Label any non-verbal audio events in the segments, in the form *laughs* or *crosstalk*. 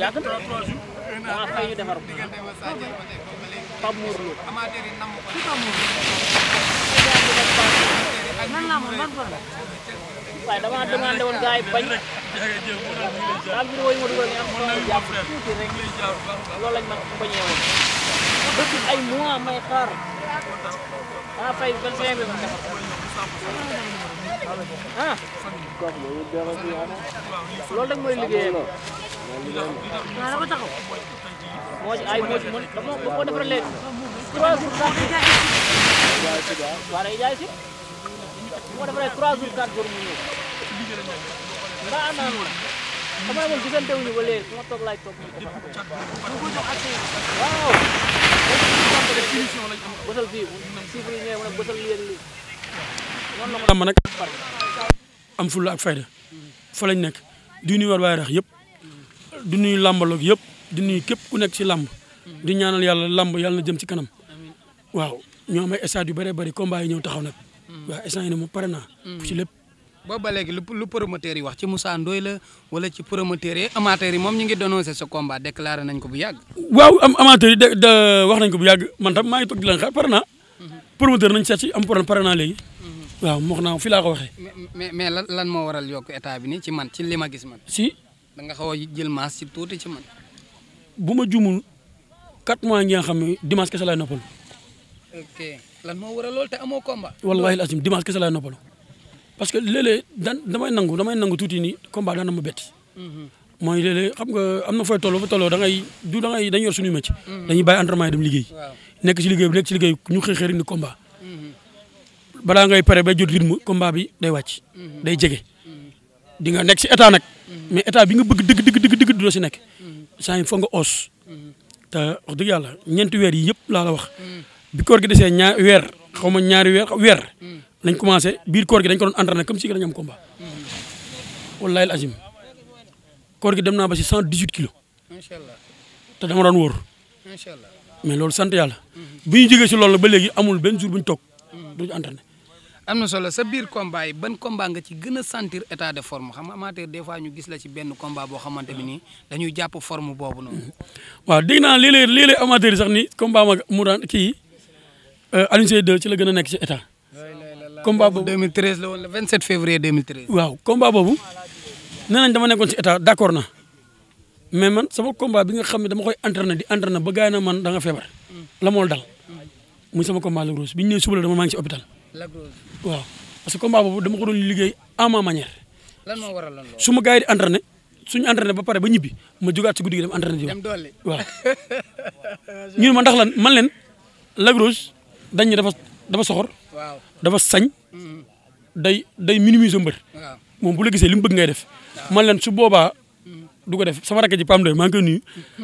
yàgg na waaw fay ñu defar ko Pape Mor Lo. ci Pape Mor Lo. nan laa moom ban problème. waaye damaa demandé woon gars yi bañ. daal vidéo yi ma dugal ñu am solo jàpp tuuti rek loolu lañ ma bañee woon. depuis ay mois may xaar. ah fay ba cinq mille ah loolu rek mooy liggéeyam ah dafa taxaw moo ci ay moo ci mën dama ko defal léegi trois jours quatre jours waaw day jaay si moo defalee trois jours quatre jours mu ñëw ndax am naa loolu xam naa moom gisante wuñu ba léegi su ma toog laaj toog waaw bësal fii suuf am nag am fulla ak fayda fa lañ nekk di nuyu war waay rax yëpp di nuyu làmbaloog yëpp di nuyu képp ku nekk ci làmb di ñaanal yàlla làmb yàlla na jëm ci kanam waaw ñoo am ay stade yu bëree bëri combat yi ñëw taxaw nag mm. waaw instant yi ne pare naa mm. ci lépp booba léegi lu lu promoteurs yi wax ci Moussa Ndoye la wala ci promoteurs yi amateurs yi moom ñu ngi dénoncé sa combat déclaré nañ ko bu yàgg. waaw am de wax nañ ko bu yàgg man tam maa ngi toog di leen xaar pare naa. Mhm. promoteur nañ seet si am problème pare naa léegi. Mhm. waaw wax naa fi laa ko waxee. mais mais lan lan moo waral yokk état bi nii ci man ci li ma gis man. si da nga xaw a jël maas si tuuti ci man. bu ma juumul quatre mois ngi nga xam ne dimanche kese laay lan moo waral loolu te amoo combat. wallaahi al azim dimanche kese laay noppalu. parce que léeg-léeg daan damay nangu damay nangu tuuti nii combat daan na ma bett. Mm-hmm. mooy léeg-léeg xam nga am na fooy tolloo fa tolloo da ngay du da ngay dañuy yor suñuy métier. Mm-hmm. dañuy bàyyi entraînement yi dem liggéey. nekk si liggéey bi nekk ci liggéey ñu xëy xëy rek balaa ngay pare bay jot rythme combat bi day wàcc. Mm-hmm. day jege. di nga nekk si état nag. mais état bi nga bëgg dëgg dëgg dëgg dëgg du la nekk. san yi foog nga os. te wax dëgg yàlla ñeenti weer yi yëpp laa la wax. bi koor gi desee ñaar weer xaw ma ñaari weer weer. lañ commencé biir koor gi dañ ko doon entraîné comme si dañu am combat wallahi al azim koor gi dem naa ba si cent dix huit kilos te dama doon wóor mais loolu sant yàlla bu ñu jógee si loolu ba léegi amul benn jour bu ñu toog mm-hmm. duñu entraîné am na solo sa biir combat yi ban combat nga ci gën a sentir état de forme xam nga amateur des fois ñu gis la ci benn combat boo xamante bi nii dañuy jàpp forme boobu noonu. Mm-hmm. waaw dégg naa léeg-léeg léeg-léeg amateur sax ni combat ma mu daan kii euh, Alioune Seye ci la gën a nekk ci état. combat boobu 2013 la woon le 27 février 2013. waaw combat boobu nee nañ dama nekkoon ci état d' na mais man sama combat bi nga xam ne dama koy entraîné di entraîné ba gars na man da nga feebar. la mool dal muy sama combat Lac Rose bi ñu ñëwee dama maa ngi ci hôpital. wa Rose waaw parce que combat boobu dama ko doon liggéey à ma manière. lan moo waral lan loolu su ma gars yi di entraîné suñu entraîné ba pare ba ñibbi ma jógaat ci guddi gi dem entraîné ji. dem doole *laughs* ñu ma ndax lan man leen Lac Rose dañ ñu dafa dafa dafa sañ day day minimiser mbër moom bu la gisee li mu bëgg ngay def man leen su boobaa du ko def sama rakk ji Pam Doy maa ngi koy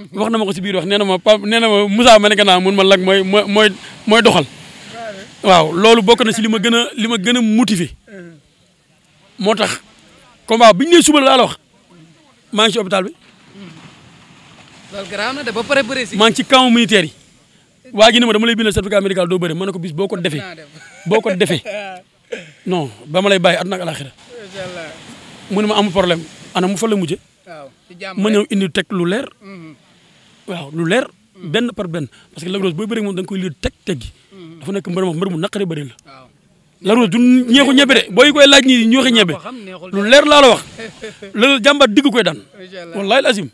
*laughs* wax na ma ko si biir wax nee na ma Pam nee na ma Moussa ma ne ko naa mun ma lag mooy mooy mooy doxal waaw loolu bokk na si li ma gën a li ma gën a motiver uh-huh. moo tax combat bi ñu nee suba la la wax maa ngi hôpital bi. Hmm. loolu garaaw na de ba pare bëri militaire yi. ne ma dama lay bindal certificat médical doo bëri ma ko bis boo ko defee. boo ko defee *laughs* non ba ma lay bàyyi àdduna ak alaxira mu ne ma amul problème ana mu fa la mujje ma ñëw indi teg lu leer mm-hmm. waaw lu leer mm-hmm. benn par benn parce que Lac Rose booy bëri moom da nga koy lii teg teg gi mm-hmm. dafa nekk mbër moom mbër mu naqaree bëri la Lac Rose du ñeexu ñebe de *laughs* booy koy laaj nii ñeexu ñebe lu leer laa la wax loolu *laughs* jàmbaar digg koy daan wallaahi azim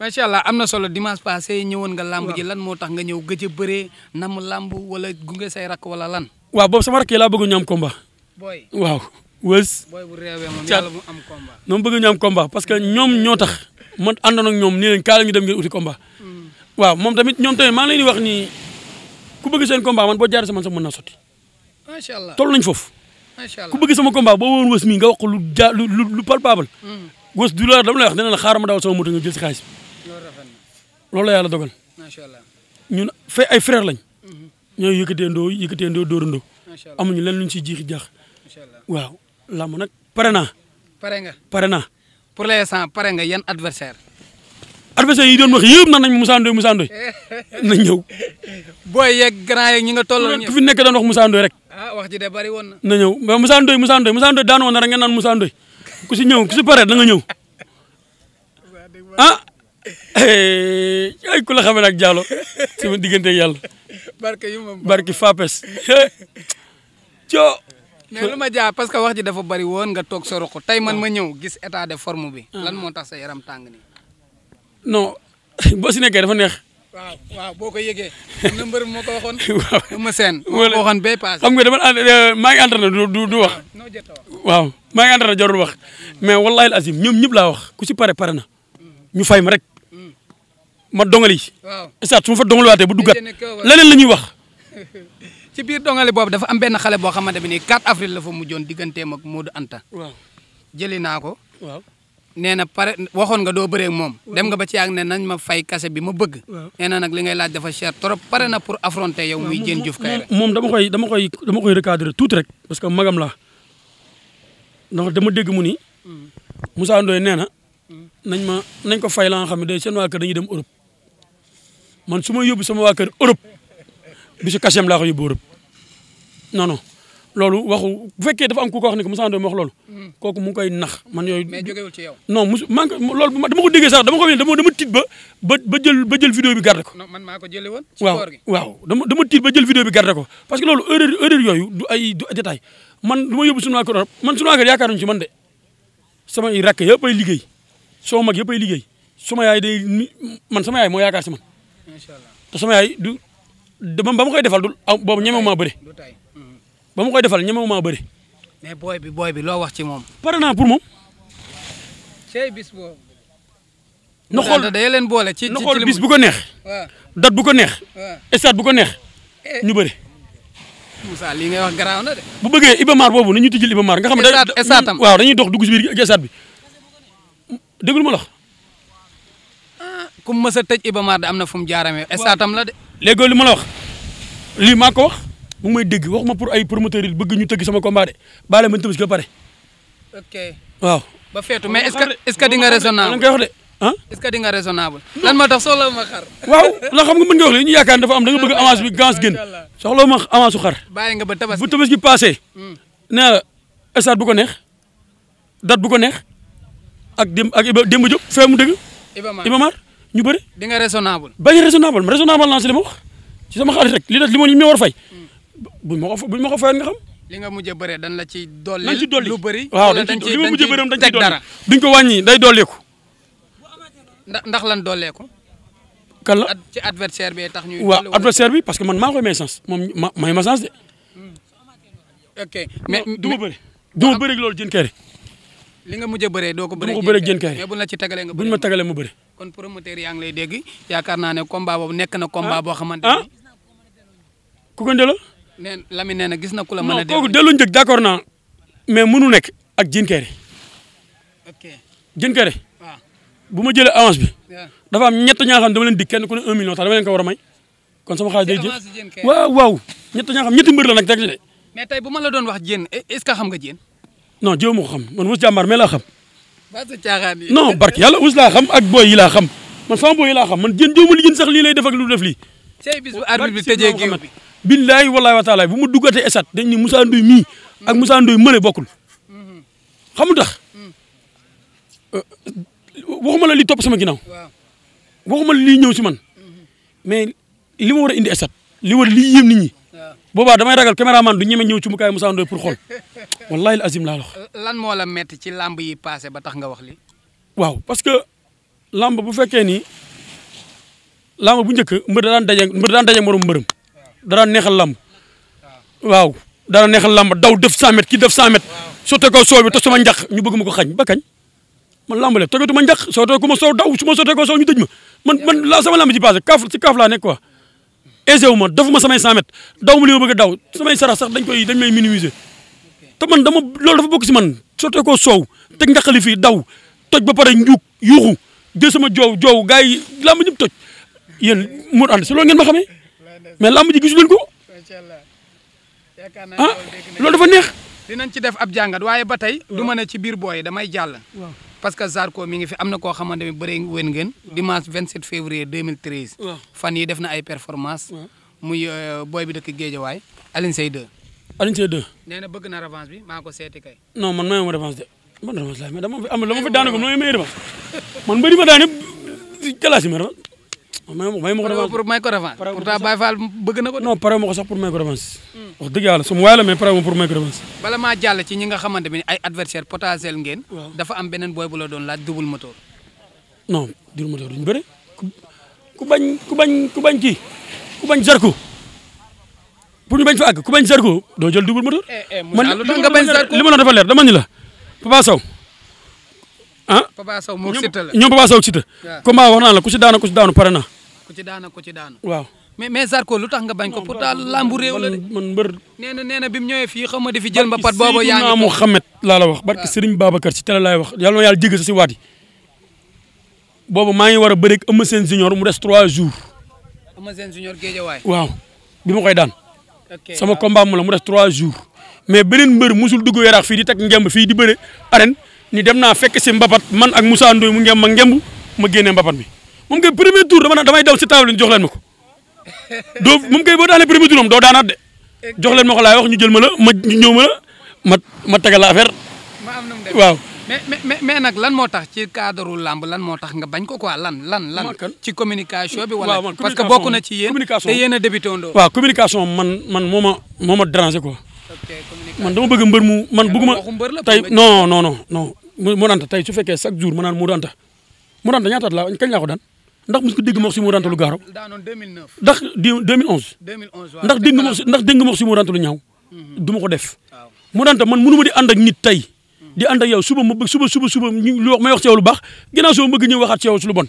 macha allah am na solo dimanche passé ñëwoon nga lamb ji lan moo tax nga ñëw gëj a bëree nam lamb wala gunge say rakk wala lan waaw boobu sama rakk yi laa bëgg am komba waaw wës. caat ñoom bëgg ñu am combat parce que ñoom ñoo tax man àndoon ak ñoom nii lañ kaala ñu dem ngeen uti komba mm. waaw moom tamit ñoom tamit maa ngi leen wax nii ku bëgg seen combat man boo jaaree sama mën naa sotti. macha allah toll nañ foofu. macha allah ku bëgg sama komba boo woon wës mii nga wax ko lu ja lu lu palpable. Mm. wës du la dama lay wax dina la xaaral ma dawal sama moto nga jël si xaalis bi. loolu la yàlla dogal. macha allah ñun fay ay frère lañ. ñooy yëkkateendoo yëkkateendoo dóorandoo amuñu lenn luñ ciy jiixi jax waaw làmb nag pare naa. pare nga pare naa. pour l'instant pare nga yan adversaire adversaire yi doon wax yëpp nan nañ Moussa Ndoye Moussa Ndoye *laughs* nañ ñëw. booy yeeg ñi nga tolloo fi nekk daan wax Moussa rek. ah wax ji de bari woon na. na ñëw mais Moussa Ndoye Moussa Ndoye Moussa Ndoye na rek nga naan Moussa Ndoye ku si ñëw ku si pare da nga ñëw ah *laughs* ay diggante yàlla. barke yu ma barke Fapes. *laughs* co. mais lu ma jaa parce que wax ji dafa bari woon nga toog sa roq tey man ma ah. ñëw gis état de forme bi. Ah. lan moo tax sa yaram tàng nii. non *laughs* boo si nekkee dafa neex. waaw waaw boo ko yëgee. mbër moo ko waxoon. *laughs* waaw ma seen. moo ko waxoon bee euh, maa ngi entraîné du du wax. waaw maa ngi entraîné jarul wax. Mm. mais wallaahi al azim ñoom ñëpp laa wax ku si pare pare na. Mm. ñu fay ma rek. ma dongali stade su ma fa dongaluwaatee bu duggaat leneen la ñuy wax *laughs* ci biir dongali boobu dafa am benn xale boo xamante bi nii 4 avril la fo mu fa diggante digganteem ak Modou Anta waaw jëli naa ko waaw nee na pare waxoon nga doo bëree moom dem nga ba ci yàgg ne nañ ma fay kase bi ma bëgg nee nag li ngay laaj defa cher trop pare na pour affronter yow muy Diène Diouf Kaïré moom dama koy dama koy dama koy recadrer tuuti rek parce que magam la ndax dama dégg mu ni mm. Moussa Ndoye nee na mm. nañ ma nañ ko fay la nga xam ne day seen dem Europe man su ma yóbbu sama waa kër Europe bi si kàcceem laa ko yóbbu Europe non non loolu waxu bu fekkee dafa am ku ko wax ne ko Moussa Ndoye ma wax loolu. kooku mu ngi koy nax man yooyu. mais jógewul ci yow. non mos man loolu dama ko déggee sax dama ko dama dama tiit ba ba ba jël ba jël vidéo bi garde ko. man maa ko jëlee woon. ci koor gi waaw waaw dama dama tiit ba jël vidéo ko parce que loolu erreur erreur yooyu du ay du détail man lu ma yóbbu sunu waa man sunu waa kër yaakaaruñu ci man de samay rakk yëpp ay liggéey soo mag yëpp ay liggéey sama yaay day man sama yaay moo yaakaar si incha allah te sama yaay du ba ma koy defal du boobu ñemewu maa bëri. Mm-hmm. ba mu koy defal ñemewu maa bëri. mais booy bi booy bi loo wax ci moom. pare naa pour moom. cey bis boobu. na xool da leen boole ci ci na bu ko neex. waaw date bu ko neex. waaw stade bu ko neex eh. ñu bëri. Moussa lii ngay wax garaaw na bu bëggee Iba Mar boobu na ñu tijjil Iba Mar nga xam ne. estade estade am waaw dañuy dox dugg si biir estade bi déglu ma ku mu a tëj Iba de am na fu mu jaarame estatam la de. léegi li ma la wax lii maa ko wax mu ngi may wax ma pour ay promoteurs yi bëgg ñu tëgg sama combat de baale ma tëbis ba pare. ok waaw. ba feetu mais est-ce que est-ce que di nga raisonnable koy wax de ah. est-ce waaw la xam nga mën ñu yaakaar dafa am da nga bëgg avance bi *laughs* gans nga ba tabaski bu tabaski passé. Hmm. nee na ko neex date bu ko neex ak démb ak Iba démb Diop fee mu dëgg. Iba ñu bëri. di nga raisonnable. bañ a raisonnable raisonnable naa si li ma wax ci sama xaalis rek li des li ma ñu war fay. Hmm. buñ ma ko buñ ma nga xam. li nga mujj a bëree dañ la ci dolli. dañ ci dolli lu bëri. waaw dañ ci li ma mujj a bëree dañ ciy dolli duñ ko wàññi day dolleeku. ndax lan dolleeku. kan la ci adversaire bi tax ñuy. waaw adversaire bi parce que man maa koy may sens moom ma may ma sens de. Hmm. ok mais du ma bëri. du ma bëri loolu jën kër li a bëree doo ko ci tagalee nga buñ ma tagalee ma bëri. kon promoteur yaa ngi lay dégg yaakaar naa ne combat boobu nekk na combat ah. boo xamante ah. ne. ku ko delloo. nee na gis na ku la mën a. delloo non kooku delloo njëg naa mais munu nekk ak Diène Kairé. ok Diène Kairé. waaw ah. bu ma jëlee avance bi. dafa am ñett ñaa xam dama leen di kenn ku ne un million sax dama leen ko war a may. kon sama xaalis day jël waaw waaw ñett ñaa xam ñetti mbër la nag rek de. mais tey bu ma la doon wax Diène est ce que xam nga Diène. non jéem a ko xam man mos jàmbaar mais non barke yàlla us laa xam ak booy yi laa xam man sama booy yi laa xam man jën jëwma li jën sax lii lay def ak lu def lii billaay wallaay wa taala bu ma duggatee esat dañ ni Moussa Ndoye mii ak Moussa Ndoye mëne bokkul xamu tax euh, waxuma la li topp sama ginnaaw waxuma la lii ñëw si man mais li ma war a indi esat li war lii yëm nit ñi boobaa damay ragal caméraman du ñeme ñëw ci mu kaay Moussa pour xool *laughs* wallahi al azim laa wax. lan moo la ci làmb yi paase ba tax nga wax li waaw parce que làmb bu fekkee ni làmb bu njëkk mbër daan daje mbër daan daje morom mbërëm daan neexal lamb waaw daan neexal lamb daw def 100 mètres ki def 100 mètres sottee ko soow bi te sama njaq ñu bëgg ma ko xañ ba kañ man làmb le toggatu ma njaq sottee ko ma soow daw su ma sottee ko soow ñu tëj ma man man laa sama làmb ji passé kaaf ci kaaf laa nekk quoi. aisé wu ma defuma samay 100 mètres daw ma li ma bëgg a daw samay sarax sax dañ koy dañ may minimiser. te man dama loolu dafa bokk si man sottee ko soow teg nga fii daw toj ba pare njuug yuuxu jël joow joow gars yi làmb ñëpp toj yéen mu ànd si loolu ngeen ma xamee mais làmb ji gisu leen ko ah loolu dafa neex. dinañ ci def ab jàngat waaye ba tey. du ma ne ci biir booy damay jàll. parce que Zarko mi ngi fi am na koo xamante ne bëree wén ngeen. dimanche 27 mil 2013. fan yi def na ay performance muy euh, booy bi dëkk Géejawaay Alioune Seye 2 Alioune Seye 2. nee na bëgg na revanche bi maa ko seeti kay. non man mayoo ma revanche de man revanche laay mais dama fi am la ma fi daanaka nooy may revanche man bëri ma daan yëpp may may ma ko revanche pour may ko revanche. pourtant Baye Fall bëgg na ko de. non pare ma ko sax pour may ko revanche. wax dëgg yàlla sama waay la mais pare ma pour may ko bala maa jàll ci ñi nga xamante ne ay adversaire potentiel ngeen. dafa am boy bu la doon laaj double moteur. non double moteur duñ bëri ku bañ ku bañ ku bañ pour ñu bañ fa àgg ku bañ Zarko doo jël double moteur. Eh, eh, li ma la dafa leer dama la Papa Sow ah? ñoom Papa Sow Siteu. waaw combat wax naa la ku ci daanu ku ci daanu pare na. ku ci daanu waaw mais mais Zarko lu tax nga bañ ko pourtant lambu réew la de. man mbër nee na nee na bi mu ñëwee fii xaw nga dafi jël mbapat boobu. yaa ngi ko Mouhamed laa la wax. barki Serigne Babacar ci télé yi. boobu maa ngi war a bëri ak Eumeu Sène junior mu des 3 jours. Eumeu Sène junior géejawaay. waaw bi ma koy daan sama combat mu la mu def trois jours mais beneen mbër musul dugg yaraax fii di teg ngemb fii di bëre arène ni dem naa fekk si mbapat man ak Moussa Ndoye mu ngemb ma ngemb ma génnee mbapat bi moom kay premier tour dama damay daw si table jox leen ma ko *laughs* doo moom kay boo daanee premier tour am doo daanaat de jox ma ko laay wax ñu jël ma la ma la ma ma tegal la mais mais mais nag lan moo tax ci cadre làmb lan moo tax nga bañ ko quoi lan lan lan. ci communication bi. wala parce que bokk na ci yéen te yéen a débuté woon waaw communication man man moo ma moo ma déranger man dama bëgg mbër mu man bëgguma tey non non non non mu danta tey su fekkee chaque jour ma naan mu danta mu danta ñaata at laa kañ laa ko daan ndax mos ko dégg si mu danta gaaro ndax 2011 ndax dégg mox ndax dégg mox si mu danta lu ñaaw mhm. du ma def mu man mënu ma di ànd ak nit tey di ànd ak yow suba ma bëgg suba suba suba ñu lu wax may wax ci lu baax ginnaaw suba ma bëgg ñëw waxaat ci yow ci lu bon.